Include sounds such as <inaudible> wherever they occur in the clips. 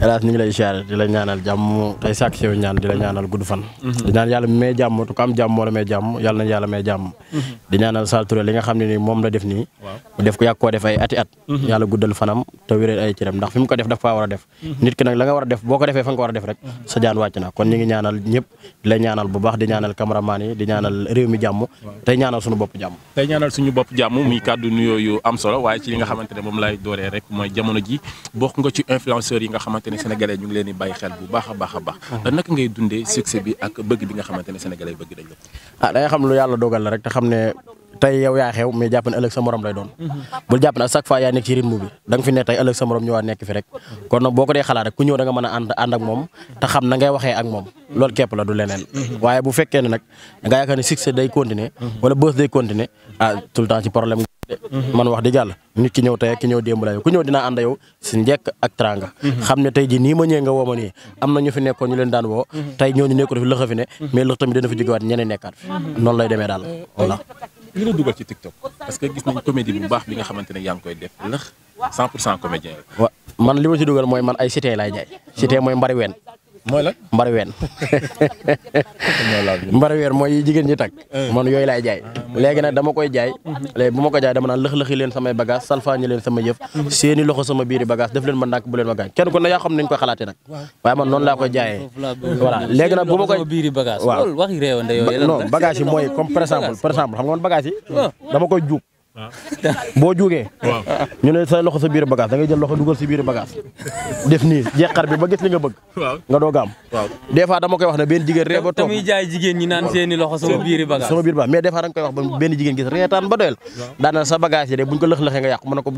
hélas ñu ngi lay siyaare di la ñaanal jàmm tey sàkk si yow ñaan di la ñaanal xam ne moom la def nii mu def ko yàgg koo def ay ati at mhm. yàlla fi mu ko def daf faa war a def mhm. nit ki nag la nga war a def boo ko defee fa nga ko war a def rek mhm. sa jaan wàcc na kon ñu ngi ñaanal ñëpp di la ñaanal bu baax di ñaanal cameraman di ñaanal réew mi jàmm tey ñaanal suñu bopp jàmm tey ñaanal suñu bopp jàmm muy kàddu nuyoo yu am solo waaye ci li nga xamante ne moom lay dooree rek mooy jamono ji bokk nga ci influenceur yi nga xamante xamante ne sénégalais ñu ngi leen bàyyi xel bu baax a baax a baax naka ngay dundee succès bi ak bëgg bi nga xamante bëgg dañ la ah xam lu yàlla dogal rek te xam ne tey yow yaa xew mais jàpp ne ëllëg sa morom lay doon bul jàpp ne chaque fois yaa nekk ci rythme bi da nga fi nekk fi rek kon boo ko dee xalaat rek ku ñëw da nga a ànd ak moom te xam na ngay waxee ak moom loolu képp la du leneen waaye bu fekkee ne nag da ah, nga yaakaar si njekk ak tranga xam ne tey ji nii ma ñëwee nga woo nii am na ñu fi nekkoon ñu leen daan woo tey ñooñu nekko fi ne mais lëx tamit dina fi jógewaat ñeneen nekkaat fi noonu lay li la dugal ci TikTok parce que gis nañ comédie bu baax bi nga xamante ne yaa ngi koy def lëx 100 pour cent comédien man li ma ci dugal mooy man ay cité laay jaay. cité mooy mbari ween mooy lan mbar ween <laughs> mbar ween mooy jigéen ñi takk man yooyu laay jaay léegi nag dama koy jaay bu ma ko jaay dama naan lëx-lëxi leen samay bagage salfaañi leen sama yëf seeni loxo sama biiri bagage def leen ma ndànk bu leen ma gaañ kenn ku ne yaa xam nañ koy xalaatee nag waaye man noonu laa koy jaayee voilà léegi nag bu ma koy waaw non bagage yi mooy comme par exemple xam nga man bagage yi dama koy juub boo jugee. waaw ñu ne sa loxo sa biir bagage da jël loxo dugal si biir bagage. def nii jeexar bi ba gis li nga bëgg. waaw nga doog a am. waaw des fois dama koy wax ne benn jigéen. reetaan ba doyal. daanaka sa bagage yi de buñ ko lëx-lëxee nga yàq mu ne ko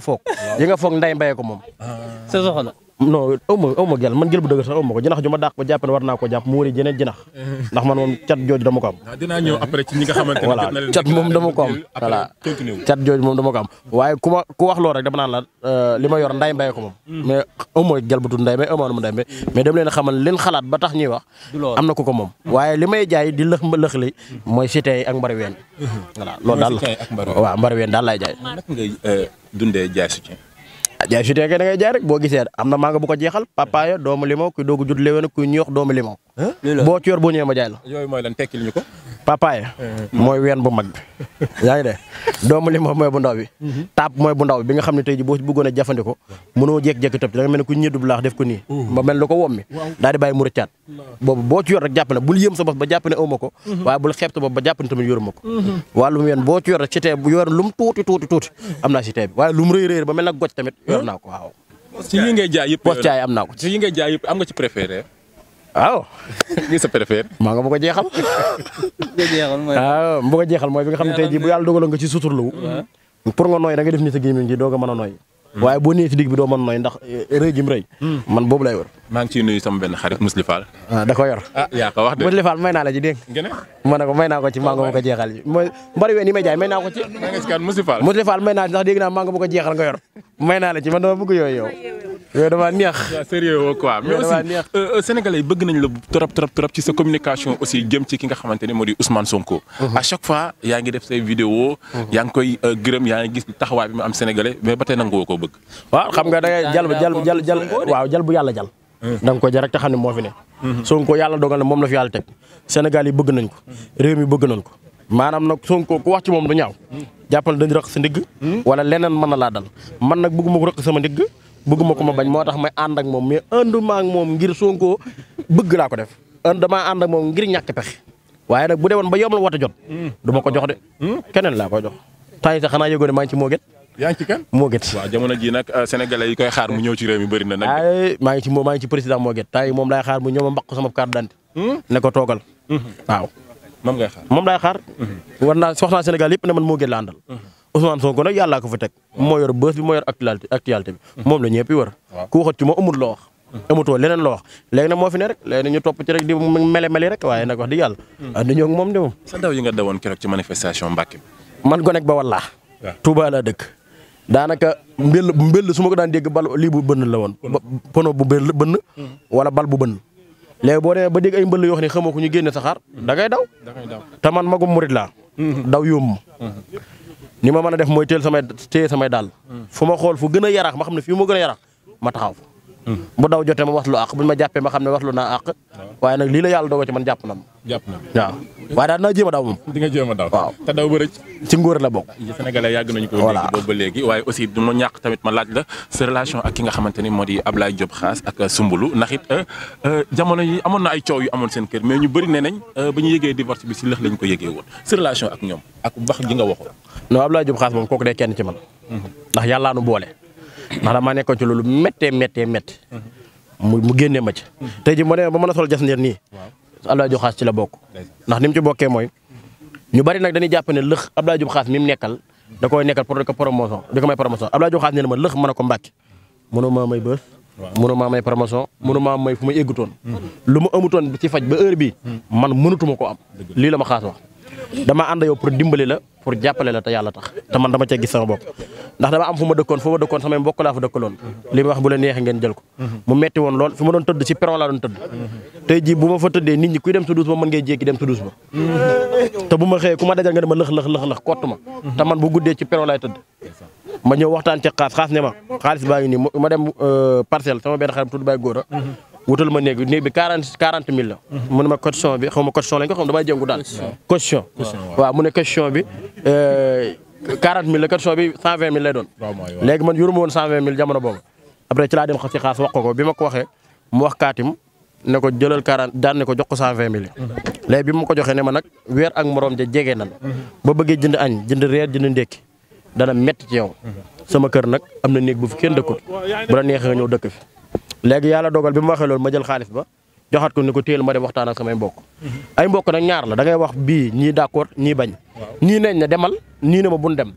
foog. yi foog nday mbaye ko moom. sa non aw ma aw ma gel sax aw ma ko jinax ju ma ko jàpp mu wëri jeneen jinax ndax man moom cat jooju dama ko am waaye ku ma ku wax loolu rek dama naan la euh, li ma yor nday mbay ko moom hmm. mais aw ma gel bu tudd nday mbay aw ma nu ma nday mbay mais dama leen xamal leen xalaat ba tax ñuy wax am na ko ko moom hmm. waaye li may jaay di lëx lëx li ak mbari ween hmm. voilà daal waaw jaay jaay su fekkee da boo gisee am na màngo bu ko jeexal papaaya doomu limon kuy doog a judd léwén kuy doomu limon boo ci yor boo ñëwee ma jaay la. yooyu mooy lan tekkil ñu ko. papaye. Eh. mooy ween bu mag bi. <laughs> yaa ngi de doomu limon mooy bu ndaw bi. Mhm. taab mooy bu ndaw bi nga xam ne tey jii boo bëggoon a jëfandikoo. mënoo jékki-jékki tëb da nga mel ne ko nii. ba mel ne lu ko wommi. daal di bàyyi mu boo ci yor rek jàpp ne bul yëm sa ba jàpp ne aw ko. Mhm. waaye bul xeeb sa ba jàpp ne tamit yoruma ko. Mhm. wàllum ween boo ci yor rek ci tee bu yor lum tuuti tuuti tuuti am naa ci tee bi waaye lum rëy rëy ba mel na goj tamit yor naa waaw. nga ci préféré waaw. ngi <laughs> maa nga bëgg a jeexal. nga mooy. waaw ah, bëgg a jeexal mooy bi nga xam ne tey jii bu yàlla dogaloon nga ci suturlu. pour nga nooy nga gi doog a mën a nooy. Hmm. waaye boo nee ci digg bi doo mën eh, hmm. man boobu lay wër. maa ngi ciy nuyu sama benn xarit Mousli Fall. ah ko yor. ah a ko wax de Mousli Fall may naa la ci dégg nga. ma ne ko may naa ko ci maa nga bëgg a jeexal mooy mbari ween yi may jaay may naa ko ci. maa ngi si kan Mousli Fall. Mousli Fall may naa ndax dégg naa maa nga bëgg a jeexal nga yor may naa la ci man yooyu yow yooyu damaa neex. waaw sérieux woo oh, euh, euh, yi bëgg nañ la trop trop trop ci sa communication aussi jëm ci ki nga xamante ne moo di Ousmane Sonko. Mhm. à chaque fois yaa ngi def say vidéo mhm. yaa ngi koy euh, gërëm yaa ngi gis taxawaay bi mu am sénégalais mais ba tey nanguwoo koo bëgg. waaw xam nga da ngay jal jal jal waaw jal bu yàlla jal. Mhm. da nga ko jar rek te xam ne moo fi ne. Sonko yàlla dogal na moom la fi yàlla teg. Sénégal yi bëgg nañ ko. réew mi bëgg nañ ko. maanaam nag Sonko ku wax ci moom du ñaaw. jàppal dañu rëq sa ndigg. wala leneen mën na laa dal man nag bëgguma ko rëq sama ndigg bëgguma ko ma bañ moo tax may ànd ak moom mais ànduma ak moom ngir sonkoo bëgg laa ko def and damaa ànd ak moom ngir ñàkk pexe waaye nag bu dee woon ba yom la woote jot hmm. du ma ko jox de hmm? keneen laa ko jox tay sax xanaa yëgoo ne maa ci moo gét yaa ngi ci kan moo gét waaw jamono euh, koy xaar ñëw ci réew mi bëri na nag maa ngi ci moo maa ngi ci moo gét tay moom laay xaar mu ñëw ma mbaq sama carte d'identité hmm? ne ko toogal waaw moom ngay xaar moom laay xaar war naa wax naa sénégal yëpp ne man moo gét la àndal Ousmane Sonko nag yàllaa ko fa teg. moo yor bës bi moo yor actualité actualité bi. Hmm. moom la ñëpp yi war. ku waxat ci ma amul loo wax. Hmm. amutoo leneen loo wax léegi moo fi ne rek léegi nag ñu topp ci rek di mele mele rek waaye nag wax dëgg yàlla. Hmm. ànduñoo ak moom de moom. sa ndaw yi nga dawoon keroog ci manifestation Mbàkke. man gonek ba wallaax. waaw dëkk. daanaka mbëll suma ko daan dégg bal lii bu bënn la woon. pono bu bënn bënn. wala bal bu bënn. léegi boo dee ba dégg ay mbëll yoo xam ne xamoo ñu génne saxaar da ngay daw. da te man magum murit laa. daw yomb. ni ma mën a def mooy teel samay téye samay daal fu ma xool fu gën a yarax ma xam ne fii moo gën a yarax ma taxaw fa hmm. daw jotee ma wax lu ma jàppee ma xam ne wax lu naa waaye nag lii la yàlla dogal ci man jàpp na ma. jàpp waaw. waaye daal dinaa jéem a daw moom. di nga a daw waaw te ci ngóor la bokk. Sénégalais yàgg nañu ko. voilà boobu ba léegi waaye aussi du ma ñàkk tamit ma laaj la sa relation ak ki nga xamante ni moo di Ablaye Diop Khass ak euh, Soumboulou ndax it euh, euh, jamono yi amoon na ay coow yu amoon seen kër mais ñu bëri ne nañ ba ñu yëgee divorce bi si lëx lañ ko yëgee woon sa relation ak ñoom ak wax ji nga waxoon. non Ablaye Diop Khass moom kooku day kenn ci man. Mhm. ndax yàllaa nu boole. ndax damaa nekkoon ci loolu méttee méttee mhm. mu mu génnee ma ci. tey ji ma ma mën a sol jas ndeer nii. Abdoulaye Diop Khass ci la bokk. ndax ni mu ci bokkee mooy ñu bari nag dañuy jàpp ne lëx Abdoulaye Diop Khass mi mu nekkal da koy nekkal pour di ko promotion di ko may promotion Abdoulaye Diop Khass nee na ma lëx mën a ko mbàkk mënoo maa may bës. waaw mënoo maa may promotion mënoo maa may fu ma éggutoon. Hmm. lu ma amutoon ci faj ba heure bi hmm. man mënutuma ko am. lii la ma Khass wax dama ànd yow pour dimbali la pour jàppale la te yàlla tax te man dama cee gis sama bopp ndax dama am fu ma dëkkoon fu ma dëkkoon samay mbokk laa fa dëkkaloon li ma wax bu la neexee ngeen jël ko mu metti woon lool fi ma doon tëdd si peron laa bu ma fa tëddee nit ñi kuy dem sa duus ba mën ngay jékki dem sa duus ba te bu ma ma dajal nga dama lëx lëx ma guddee ci peron tëdd ma ñëw waxtaan ci xaas xaas ne ma xaalis baa ngi nii ma dem euh, parcelle sama benn xarit tudd Baye Góora wutal ma néeg bi néeg bi quarante quarante mille la. Mhm. mu ne ma caution bi xaw ma caution lañ ko xam damay jëngu daal. caution waaw mu ne caution bi. Euh, quarante mille la caution bi cent vingt mille lay doon. léegi man yoruma woon jamono boobu. après ci laa dem ci xaas wax ko ko bi ma ko waxee mu wax kaatim ne ko jëlal quarante ne ko jox cent vingt mille. Mhm. léegi bi ma ko joxee ne ma nag weer ak morom ja jege nan. Mhm. ba bëggee jënd añ jënd reer jënd ndékki dana métti ci yow. sama kër nag am na néeg bu fi kenn dëkkul bu la fi. léegi yàlla dogal bi mu waxee loolu ma jël xaalis ba joxaat ko ni ko téel ma dem waxtaan ak samay mbokk ay mbokk nag ñaar la da ngay wax bii ñii d'accord ñii bañ nii neñ ne demal ñii ne ma bun dem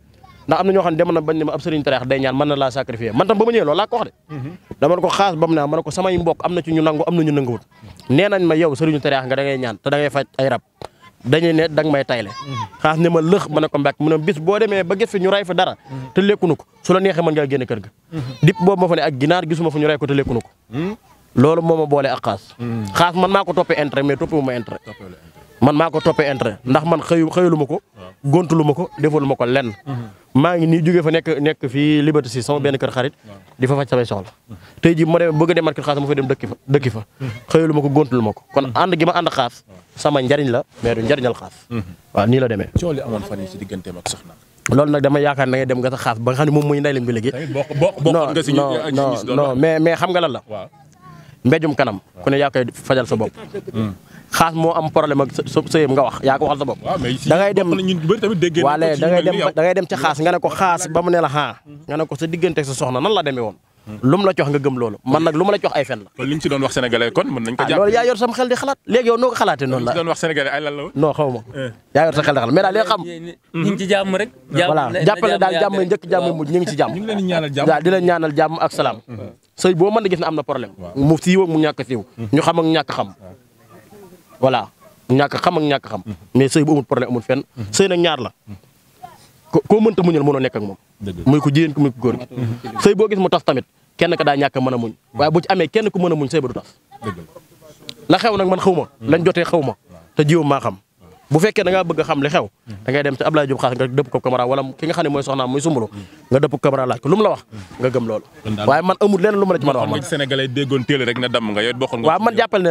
ndax am na ñoo xam ne na bañ ne ma ab sëriñ tareex day ñaan mën na laa sacrifier man tam ba ma ñëwee loolu laa ko wax de mhm. dama ne ko xaas bam naa ma ne ko samay mbokk am na ci ñu nangu am na ñu nanguwut nee nañ ma yow sëriñu tareex nga da ngay ñaan te da ngay faj ay rab dañuy ne danga may tayle xaas ne ma lëx ma ne ko mbàkk mu ne bis boo demee ba gis fi ñu ray fa dara te lekkunu ko su la neexee mën ngaa génn kër ga dip boobu ma fa ne ak ginaar gisuma fa ñu ray ko te lekkunu ko hmm? loolu moo a boole a xaas hmm. xaas man maa ko toppee intérêt mais toppee mu ma man maa ko toppee intérêt ndax man xëyu xëyalu ma ko lu ma ko defalu ma ko lenn mhm. maa ngi ni jógee fa nekk nekk fii Liberté si sama benn kër xarit di fa faj samay soxla tey ji ma dem bëgg a demaat kër xaas ma fay fa dëkki fa mhm. ma ko góntalu ma ko kon mhm. ànd gi ma ànd xaas sama njariñ la mais du njariñal xaas waaw nii la demee coow li amoon fan yi si nag dama yaakaar na ngay dem nga sa xaas ba nga xam ne moom muy nday lam bi léegi non non mais xam nga lan la mbéjum kanam ku ne yaa koy fajal sa bopp. Hmm. xaas moo am problème ak sa nga wax yaa ko waxal sa bopp. da ngay dem waaye da ngay dem da ngay dem ci xaas nga ne ko xaas hmm. ba mu ne la xaa nga ne ko sa diggante sa soxna nan la demee woon. lu mu la jox nga gëm loolu man nag lu ma la jox ay fen la. kon li ñu ci doon wax sénégalais kon mën nañ ko ah, jàpp. loolu yaa yor sam xel di xalaat léegi yow noo ko xalaatee noonu la doon wax sénégalais ay lan la woon. non xaw ma eh. yaa yor sa xel di xalaat mais daal li nga xam. ñu ngi ci jàmm rek. voilà jàppale daal jàmm njëkk jàmm mujj ñu ngi ci jàmm. ñu ngi leen di ñaanal jàmm daal di leen ñaanal jàmm ak salaam. Mm-hmm. sëy boo mën a gis ne am na problème. mu siiw ak mu ñàkk siiw. Mm-hmm. ñu xam ak ñàkk xam voilà ñàkk xam ak ñàkk xam mm-hmm. mais sëy bu amul problème amul fenn sëy nag ñaar la koo mënta muñal mënoo nekk ak moom muy ko jigéen ki muy ko góor gi sëy boo gis mu tas tamit kenn ka daa ñàkk mën a muñ mm-hmm. waaye bu ci amee kenn ku mën a muñ sëy ba du tas la xew nag man xaw ma mm-hmm. lañ jotee xaw ma te jiw maa xam bu fekkee da ngaa bëgg a xam xew mm-hmm. da dem ci Abdoulaye Diop nga ko caméra wala ki nga xam ne mooy soxnaam muy sumbulu nga dëpp mu la wax nga gëm man amul lenn lu ma la a wax man sénégalais déggoon télé rek na damm nga yow bokkoon nga waaw man jàppal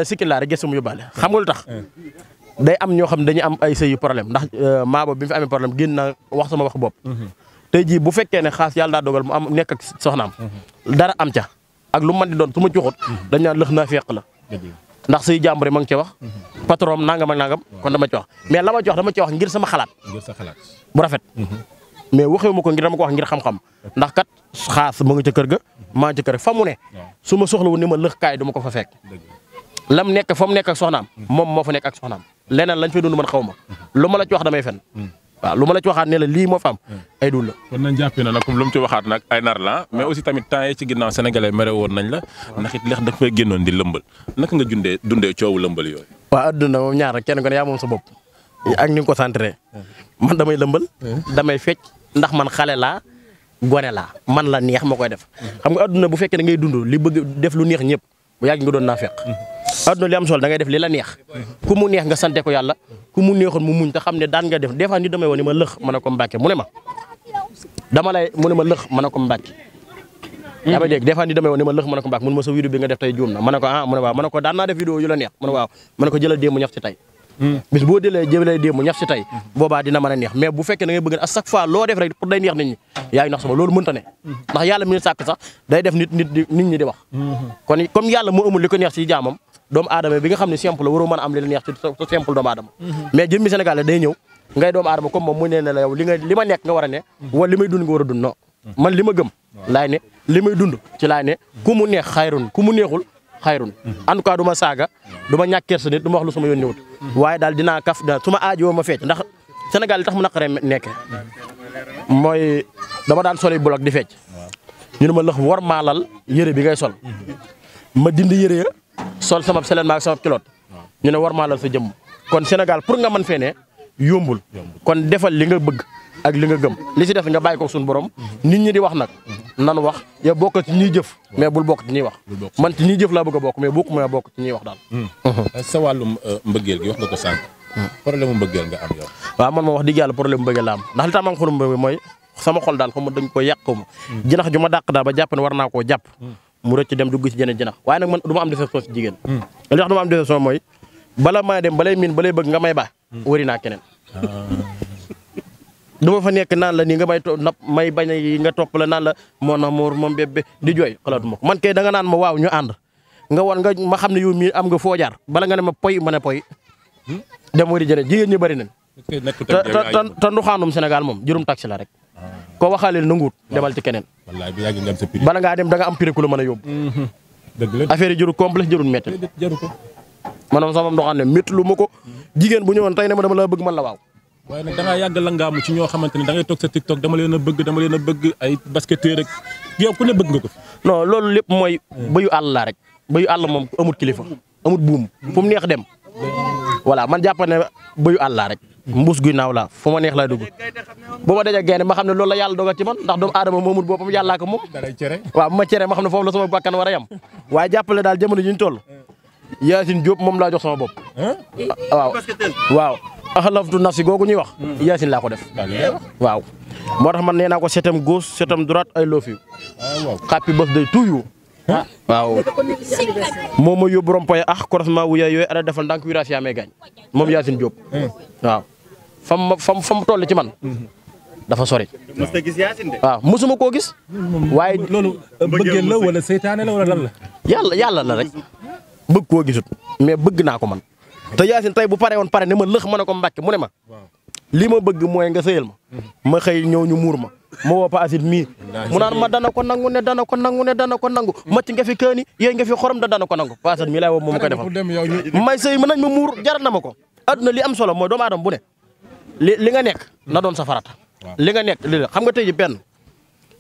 mm. am ñoo xam dañuy am ay sëy yu problème ndax euh, maabo bi mu fi amee problème génn naa wax sama wax bopp tey jii bu fekkee ne xaas yàlla daa dogal mu am nekk ak soxnaam mhm. dara am ca ak lu mën di doon su ma cuxut mhm. dañ naan lëx naa feeq la ndax suy jàmbure ma ngi ci wax mhm. patron nangam ak nangam kon dama ci wax mais la ma ci dama ci wax ngir sama xalaat bu rafet mais waxewu ma ko ngir dama ko wax ngir xam-xam ndax kat xaas mu nga ca kër ga maa ngi ca kër fa mu ne su ma soxla wu ne ma lëx kaay du ma ko fa fekk lam nekk fa nekk ak soxnaam moom moo fa nekk ak soxnaam leneen lañ fay dund man xaw ma lu ma la ci damay fen waaw lu ma la ci waxaat ne la lii moo fa am hmm. ay dul la kon nañ jàpp na nag comme lu mu ci waxaat nag ay nar la ah. mais aussi tamit temps yi ci ginnaaw sénégalais mere woon nañ la ndax it da fay génnoon di lëmbal dundee coowu lëmbal yooyu waaw adduna moom ñaar rek kenn ko sa bopp ak ni nga ko centré hmm. man damay lëmbal hmm. damay fecc ndax man xale laa gone laa man la neex moo koy def xam nga adduna bu fekkee da ngay dund li bëgg def lu neex ñëpp bu yàgg nga doon na fekk adduna li am solo da ngay def li la neex ku mu neex nga sante ko yàlla ku mu neexoon mu muñ te xam ne daan nga def des fois nit damay woo ne ma lëx mën a mu ne ma dama lay mu ne ma lëx mën a ko ne ma lëx mën a ko bi nga def tey juum na ma ne ah naa def vidéo yu la neex mu ne waaw ma ne ko jëlal démb ñax ci tey hmm. bis boo dëlee jëlee démb ñax ci hmm. dina mën neex mais bu fekkee da bëgg à chaque fois loo def rek pour day neex nit ñi nax sama loolu mënta hmm. ndax yàlla mi sàkk sax day def nit doomu adama bi nga xam ne simple la waroo am li la neex ci simple doomu aadama mhm. mais jëmmi Sénégal day ñëw ngay doomu aadama comme moom mu ne ne la yow li ma nekk nga war a ne mhm. wala li may dund nga war a dund non mhm. man li ma gëm laay ne li may dund ci laay ne ku mu neex xayrun ku mu neexul xayrun en tout cas du ma saaga du ma ñàkk kersa nit du ma wax lu sama yónni wut waaye daal dinaa kaf da su ma aajoo ma fecc ndax Sénégal li tax mu naqaree nekke mooy dama daan soli bloc di fecc ñu ne ma lëx war maalal yëre bi ngay sol ma dindi sol sama seleen maag sama kiloot ñu ne war maa la sa jëmm kon Sénégal pour nga man fee ne yombul kon defal li nga bëgg ak li nga gëm li si def nga bàyyi ko suñu borom mhm. nit ñi di wax nag nan wax ya bokk ñu jëf mais bul bokk ci ñuy wax man ci ñuy jëf la bëgg a bokk mais bokk ma bokk ci ñuy wax daal hmm. mhm. euh, sa wàllum euh, mbëggeel gi wax nga ko sànq hmm. problème mu mbëggeel nga am man moom wax dëgg yàlla problème mu mbëggeel am ndax li tax ma mooy sama xol daal xaw ma dañ ko yàq ko ma hmm. jinax ju ma dàq daal ba jàpp ne war naa koo jàpp mu rëcc dem dugg si jeneen jinax waaye nag man du ma am déception si jigéen hmm. li tax du ma am mooy bala maa dem balay miin balay bëgg nga may baax hmm. wari naa keneen ah. <laughs> du fa nekk naan la nii nga may to nap may bañ a yi nga topp la naan la mon amour moom bébé di jooy xalaatuma ko man kay danga naan ma waaw ñu ànd nga wan nga ma xam ne yow mii am nga foo jaar bala nga ne ma poy ma ne poy hmm? dem wari jeneen jigéen ñi bari nañ te te nduxaanum Sénégal moom jurum taxi la rek ko waxaale nanguwut demal ci keneen bala ngaa dem da nga am prix ku la mën a yóbbu mm-hmm. dëgg la affaire yi jëru complexe jërul métti maanaam sama ndoxaan ne métti lu ma ko jigéen bu ñëwoon tey ne ma dama la bëgg man la waaw waaye nag da ngaa yàgg langaamu ci ñoo xamante ne da ngay toog sa TikTok dama leen a bëgg dama leen a bëgg ay basketteur rek yow ku ne bëgg nga ko fi. loolu lépp mooy mm. bayu àll laa rek bayu àll moom amut kilifa amut buum fu mu neex dem voilà man jàpp ne bayu àll laa rek mbuus guy naaw laa fu ma neex laay dugg bu ma dajee gaynde ma xam ne loolu la yàlla dogal ci man ndax doomu aadama moomul boppam yàllaa ko moom waaw bu ma cere ma xam ne foofu la sama bakkan war a yem waaye jàppale daal jamono ji ñu toll Yacine Diop moom laa jox sama bopp waaw waaw axalaftu nafsi googu ñuy wax hmm. Yacine laa ko def waaw moo tax man nee naa ko setam gauche setam droite ay loof yu xàppi ah, bés day tuuyu waaw moom ma yóbbu rompoye ax ah, croisement ma yaay yooyu ada defal ndànk wiraas yaa may gaañ moom Yacine Diop hmm. waaw fam ma fam fa mu toll ci man. dafa sori. waaw mosuma koo gis. waaye loolu bëggeel la wala seytaane la wala lan la. yàlla yàlla la rek bëgg koo gisut mais bëgg naa ko man te yaasin tey bu pare woon pare ne ma lëx ma ne ko mbàkke mu ne ma. li ma bëgg mooy nga sëyal ma. ma xëy ñëw ñu muur ma. ma woo Pa Asid mii mu naan ma dana ko nangu ne dana ko nangu ne dana ko nangu macc nga fi kaani yéen nga fi xorom da dana ko nangu Pa Asid mii laay moom ko defal may sëy ma nañ ma muur jaral na ko adduna li am solo mooy doomu bu ne li li nga nekk na doon sa farata. li nga nekk li la xam nga tey ji benn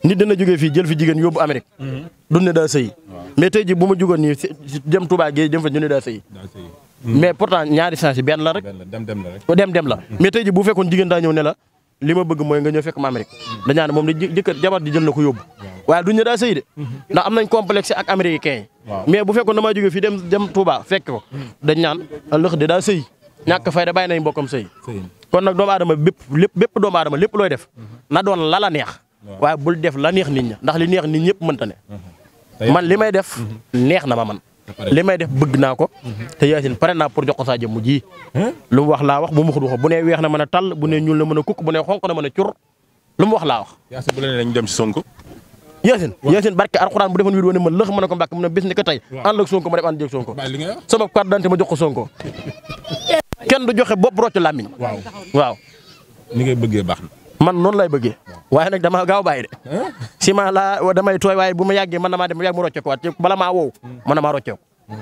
nit dina jógee fii jël fi jigéen yóbbu Amérique. Mm-hmm. du ne daa sëyi. mais tey ji bu ma jugoon nii jëm Touba Gueye jëm fa ñu ne daa sëyi. Mm-hmm. mais pourtant ñaari sens benn la rek. dem dem la rek dem dem la. Mm-hmm. mais bu fekkoon jigéen daa ñëw ne la li ma bëgg mooy nga ñëw fekk ma Amérique. dañaa ne moom di jëkkër jabar di jël na ko yóbbu. waaye duñ ne daa sëyi de. ndax am nañ complexe ak américain yi. mais bu fekkoon damaa jógee fi dem dem Touba fekk ko. dañ ñaan lëx de daa sëyi ñàkk fayda bàyyi nañ mbokkam sëy kon nag doomu aadama bépp lépp bépp doomu aadama lépp looy def mhm. na doon la neex waaye bul def la neex nit na ndax li neex nit ñëpp mënta ne mhm. man li may def mhm. neex na ma man li may def bëgg naa ko te yaasin pare naa pour jox ko saa jëmm ji lu mu wax laa wax bu mu xut wax ne weex na mën a tàll bu ne ñuul na mën a kukk bu ne xonq na mën a cur lu wax laa wax yaasin bu la ne dañu dem si Sonko yaasin yaasin barke alxuraan bu defoon wiir woon ne ma lëx mën a ko mbàkk mu ne bis ni ko tey ànd ak <laughs> kenn du joxe bopp rocc làmmiñ waaw waaw. ni ngay baax na. man noonu lay bëggee waaye nag dama gaaw bàyyi de ciment laa damay tooy waaye bu ma yàggee man damaa dem yàgg mu rocceeku waat bala maa wow hmm. man damaa rocceeku hmm.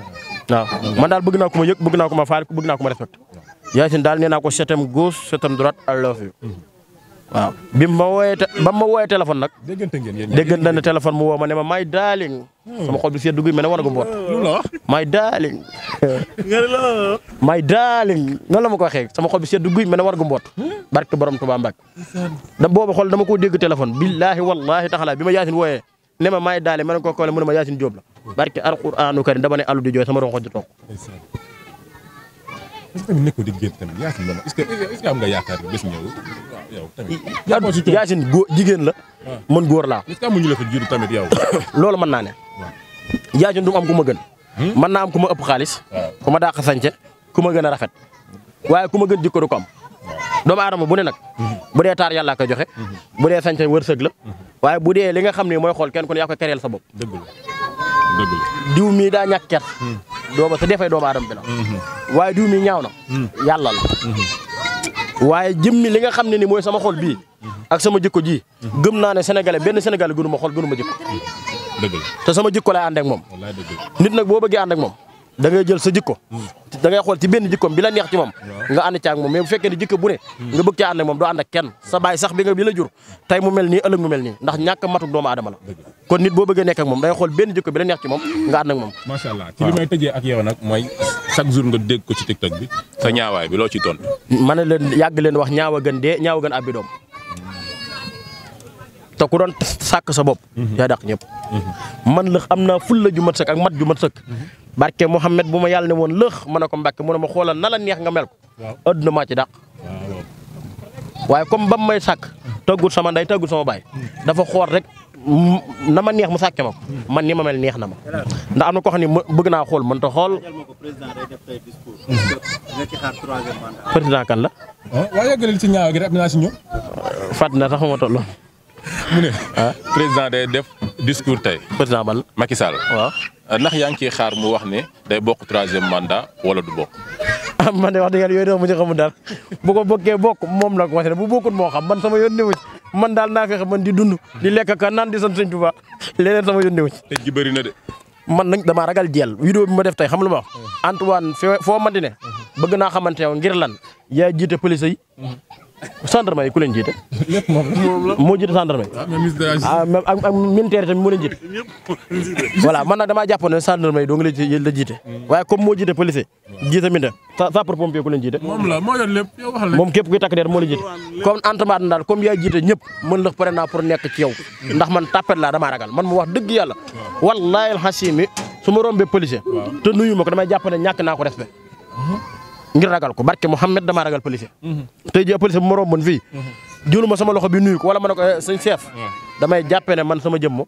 waaw man daal bëgg naa ko ma yëg bëgg naa ko ma faal bëgg naa ko ma respecté hmm. Yacine daal nee naa ko setam gauche setam droite I love you waaw bi ma wooyee ba ma wooyee téléphone nag. déggante ngeen yéen déggante na téléphone mu woo ma ne ma my darling sama xol bi seet dugub bi ma ne war a ko mboot my darling nga ne la. may darling noonu ma ko waxee sama xol bi seddu guy ma ne war gu mboot. barke borom Tuubaa Mbàkke. da boobu xool dama koo dégg téléphone. billaahi wallaahi taxalaa bi ma Yaasin wooyee ne ma may daale ma ne ko koole mu ne ma Yaasin Jóob la. barke alquraanu karim dama ne alu di jooy sama rongo di que nekkul di gént tamit yaakaar ne bés jigéen la. Ah. man góor laa. est-ce que amuñu la <coughs> naa ne. Yaasin du am ku ma mën hmm? naa am ku ma ëpp xaalis ku ma dàq sañce ku ma gën a rafet waaye ku ma gën jikko du ko am doomu aadama bu ne nag hmm. bu dee taar yàllaa ko joxe hmm. bu dee sañce wërsëg la waaye bu dee li nga xam ne mooy xool kenn ku ne ko kereel sa bopp dëgg la diw mii daa ñàkk dooma dooba sa defay doomu aadama bi la waaye diw mii ñaaw na yàlla la waaye jëmmi li nga xam ne ni mooy sama xool bii ak sama jikko ji gëm naa ne sénégalais benn sénégalais gënu ma xool gënu ma jikko dëgg te sama jikko lay ànd ak moom. nit nag boo bëggee ànd ak moom da jël sa jikko. Hmm. da ngay xool ci benn jikkoom bi la neex ci moom. nga ànd ci ak moom mais bu fekkee ne jikko bu ne. Hmm. nga bëgg cee ànd moom doo ànd ak kenn sa baay sax bi nga bi la jur tey mu mel nii ëllëg mu mel nii ndax ñàkk matuk doomu aadama la. kon nit boo bëggee nekk ak moom da xool benn jikko bi la neex ci moom nga ànd ak moom. macha allah ci li ak yow nag mooy chaque jour nga dégg ko ci tiktok bi. sa ñaawaay bi loo ci tontu. ma ne leen yàgg leen wax ñaaw a gën dee ñaaw a gën abbi doom te ku doon sàkk sa bopp. Mhm. yaa dàq ñëpp. Mhm. man lëx am naa fulla la ju mat sëkk ak mat ju mat sëkk. Mhm. barke Mouhamed bu ma yàlla ne woon lëx ma ne ko mbàkke mu ne ma xoolal na la neex nga mel ko. waaw ci dàq. waaye comme ba mu may sàkk. tëggul sama nday tëggul sama baay. dafa xool rek na ma neex mu sàkke ma ko. man ni ma mel neex na ma. ndax am na ko xam ne bëgg naa xool mënut a xool. président kan la. Ah, waaw yeggalil rek naa si ñëw. fàtt na sax ma toll. mu ne ah, président day def discours tey. président ban Macky Sall. waaw ah, ndax yaa ngi ciy xaar mu wax ne day bokk troisième mandat wala du bokk. ah man wax dëgg yàlla yooyu dama mu ci xamul daal bu ko bokkee bokk moom la ko waxee bu bokkul moo xam man sama yoon newu ci man daal naa fexe man di dund di lekk ka naan di sant Sëñ Tuubaa leneen sama yoon newu ci. tëj gi bëri na de. man nag damaa ragal jël vidéo bi ma def tey xam lu ma wax mm-hmm. Antoine foo man di ne mm-hmm. bëgg naa xamante yow ngir lan yaa jiite police yi mm-hmm. gendarme yi ku leen jiite. lépp moom la moo jiite gendarme yi. ah même ah, tamit moo leen jiite. voilà man nag damaa jàpp ne gendarme la jiite. Hmm. waaye comme moo jiite police jiite mi nag sapeur pompier ku leen jiite. moom la moo yor lépp yow wax la moom képp moo la jiite. comme entamate na daal comme yaa jiite ñëpp mën la pare naa pour nekk ci hmm. ndax man tapet laa damaa ragal man mu wax dëgg yàlla. Hmm. wallahi alxasimi su ma rombee policier. te nuyu ko damay jàpp ne ñàkk naa ko respect ngir ragal ko barke Mouhamed dama ragal policier. Mhm. tey jii policier bu ma romboon fii. Mhm. jëluma sama loxo bi nuyu ko wala ma ne ko eh, sëñ chef. damay jàppee ne man sama jëmm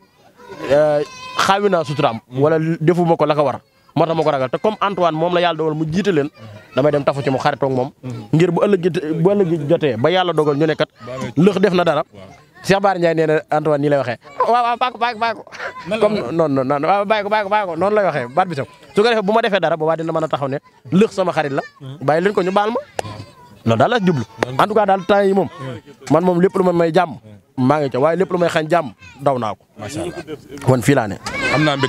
eh, xaawi naa suturaam. Mhm. wala defuma ko la war. moo tax ma ko ragal te comme Antoine moom la yàlla dogal mu jiite leen damay dem tafu ci mu xaritoog moom. ngir bu ëllëg bu ëllëg jotee ba yàlla dogal ñu ne kat lëx def na dara. Cheikh Bara Ndiaye nee na Antoine nii lay waxee waaw waaw bàyyi ko bàyyi ko bàyyi ko comme noonu noonu noonu waaw bàyyi bu ma defee dara boobaa dina mën a taxaw ne lëx xarit la bàyyi leen ko ñu baal ma loolu hmm. daal la jublu hmm. en tout cas daal temps yi hmm. man moom lépp ma may jàmm maa ngi ca waaye lépp lu may xañ jàmm daw naa ko macha allah kon fii laa ne am a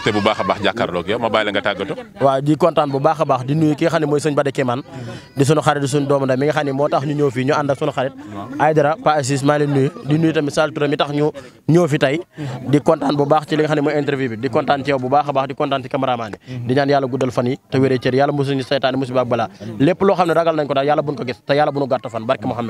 di kontaan bu baax a baax di nuyu ki nga mooy sëñ Bada Kéman di di sunu moo tax ñu ñëw fii ñu xarit di nuyu tamit Sall mi tax ñu ñëw fi di kontaan bu baax ci li nga xam mooy interview bi di kontaan ci bu baax a baax di kontaan ci cameraman yi di ñaan yàlla guddal fan yi te wéree cër yàlla musuñu seytaane musiba ak balaa lépp loo xam ne ragal nañ ko daal yàlla buñ ko gis te yàlla buñu gàtt fan barke Muhammad